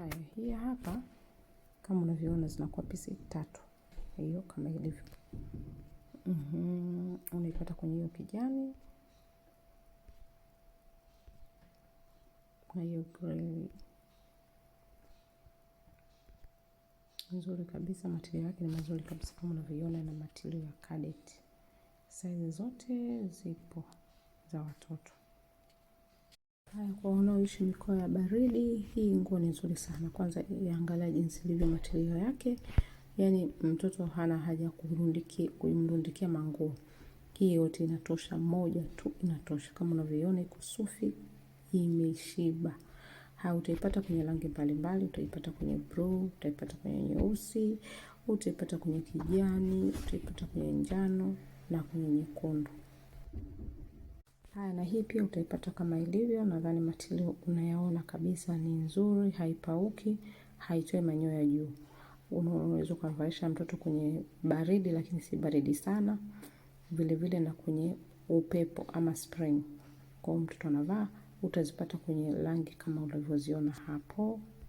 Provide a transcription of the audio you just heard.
Haya, hii hapa kama unavyoona zinakuwa pisi tatu, hiyo kama ilivyo mm Unaipata kwenye hiyo kijani na hiyo grey nzuri kabisa. Matirio yake ni mazuri kabisa kama unavyoiona, na matirio ya Cadet, saizi zote zipo za watoto. Haya, kwa wanaoishi mikoa ya baridi, hii nguo ni nzuri sana. Kwanza iangalia jinsi ilivyo matirio yake, yaani mtoto hana haja kumrundikia manguo. Hii yote inatosha, moja tu inatosha. Kama unavyoiona iko sufi, imeshiba. Ha, utaipata kwenye rangi mbalimbali, utaipata kwenye blue, utaipata kwenye nyeusi, utaipata kwenye kijani, utaipata kwenye njano na kwenye nyekundu. Haya na hii pia utaipata kama ilivyo, nadhani matilio unayaona kabisa ni nzuri, haipauki, haitoi manyoya juu. Unaweza ukamvalisha mtoto kwenye baridi lakini si baridi sana, vile vile na kwenye upepo ama spring. Kwa mtoto anavaa, utazipata kwenye rangi kama unavyoziona hapo.